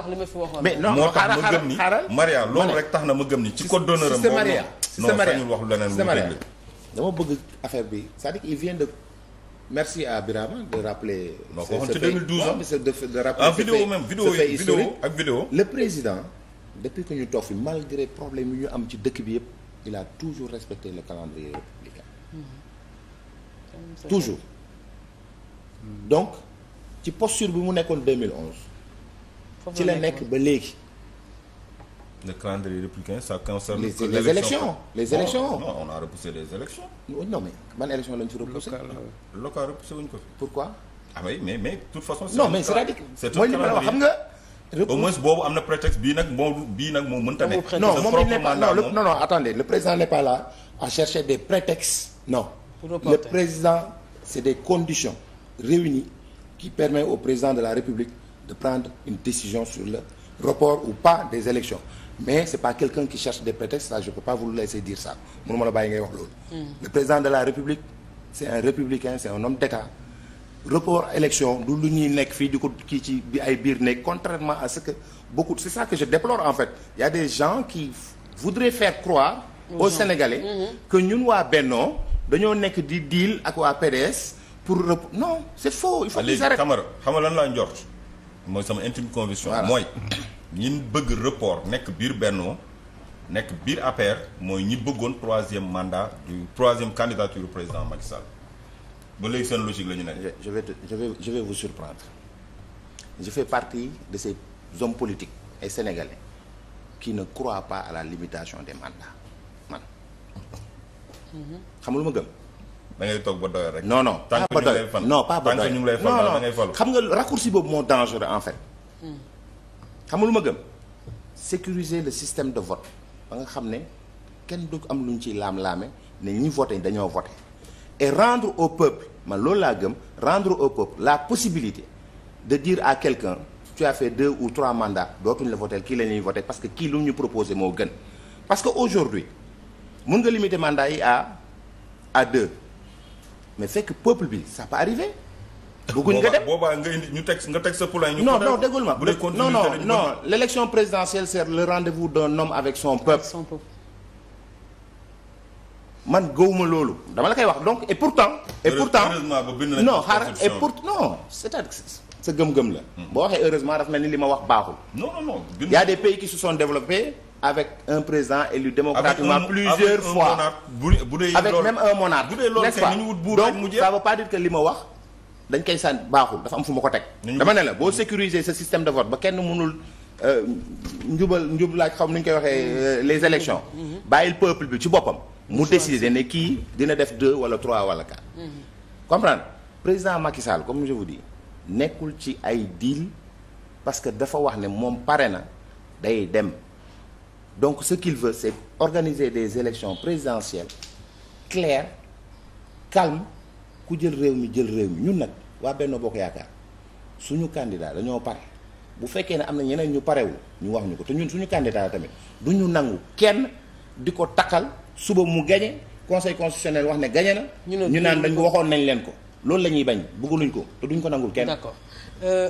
wax li ma fi waxoon. mais non moo tax ma gëm ni Maria loolu rek tax na ma gëm ni. ci code d'honneur am boobu Maria non sañul wax leneen lu dégg dama bëgg affaire bi sa à dire il vient de. merci à Birama de rappeler. non ko waxoon ci 2012 am en vidéo même vidéo yi vidéo ak vidéo. le président depuis que ñu toog fi malgré problème yi ñu am ci dëkk bi yëpp il a toujours respecté le calendrier républicain. Mm-hmm. toujours donc ci posture bi mu nekkoon 2011. ci la nekk ba léegi. le calendrier républicain ça concerne. les les élections les élections. non on a repoussé les élections. non mais ban élection lañ fi repoussé. local euh, local repoussé wuñ ko fi. pourquoi. ah mais mais de toute façon. c'est-à-dire mooy li ma la na prétexte bii nag moom bii nag moom mënta nekk. non moom il attendez le président n'est pas là à chercher des prétextes. non le président c'est des conditions réunies qui permettent au président de la République. de prendre une décision sur le report ou pas des élections mais c'est pas quelqu'un qui cherche des prétextes ça je peux pas vous laisser dire ça mënuma la bàyyi ngay wax loolu hmm. le président de la République c'est un républicain c'est un homme d'État report élection du lu ñuy nekk fii di ko kii ci bi ay biir nekk contrairement à ce que beaucoup c'est ça que je déplore en fait il y a des gens qui voudraient faire croire aux Sénégalais hmm. que ñun waa Benno dañoo nekk di deal ak waa PDS pour non c'est faux il faut ah, qu'ils arrêtent xam nga lan laa njort mooy sama intime conviction mooy ñin bëgg report nekk biir Benno nekk biir APR mooy ñi bëggoon troisième mandat du troisième candidature président Macky Sall ba léegi seen logique la ñu nekk. je vais je vais je vais vous surprendre je fais partie de ces hommes politiques et sénégalais qui ne croient pas à la limitation des mandats man. Mm-hmm. xam ma gëm. da ngay toog ba doyal rek. non non pas ba doyal non pas ba doyal. ñu ngi lay fal da ngay falu xam nga raccourci boobu moo dangereux en fait. xam nga lu ma gëm. sécuriser le système de vote ba nga xam ne kenn du am lu ñu ciy laam-laame ne ñi voté dañoo voté et rendre au peuple man loolu laa gëm rendre au peuple la possibilité de dire à quelqu'un tu as fait deux ou trois mandats dootuñ la voté kii la ñuy voté parce que kii lu ñu proposé moo gën parce que aujourd'hui mun nga limiter mandat yi à à deux mais fekk peuple bi ça peut arriver. bëgguñ nga dem boobaa nga indi ñu teg nga teg sa poulain ñu non non déggul ma non non non l' élection présidentielle c' est le rendez-vous d'un homme avec son peuple man gëwuma loolu dama la koy wax donc et pourtant et pourtant non xaar et pour non cest à sa gëm-gëm la hmm. boo waxee heureusement daf mel ni li ma wax baaxul non non non a des pays qui se sont développés avec un président élu démocratiquement plusieurs fois avec même un monarque n'est-ce pas donc ça veut pas dire que li ma wax dañ koy sànni baaxul dafa am fu ma ko teg dama ne la boo sécuriser sa système de vote ba kenn mënul euh, njubal njublaaj xam nu ñu koy waxee euh, les élections mm-hmm. Mm-hmm. bàyyil peuple bi ci boppam mu décider ne kii dina def deux wala trois wala quatre mm-hmm. comprendre président Macky Sall comme je vous dis nekkul ci ay deal parce que dafa wax ne moom pare na day dem donc ce qu'il veut c'est organiser des élections présidentielles claires calmes ku jël réew mi jël réew mi ñun nag waa Benno Bokk Yaakaar suñu candidat dañoo pare bu fekkee ne am na ñeneen ñu parewul ñu wax ñu ko te ñun suñu candidat la tamit du ñu nangu kenn di ko takkal suba mu gañe conseil constitutionnel wax ne gañe na. ñu naan dañ ko waxoon nañ leen ko loolu la ñuy bañ bëgguluñ ko te duñ ko nangul kenn. d'accord. Euh,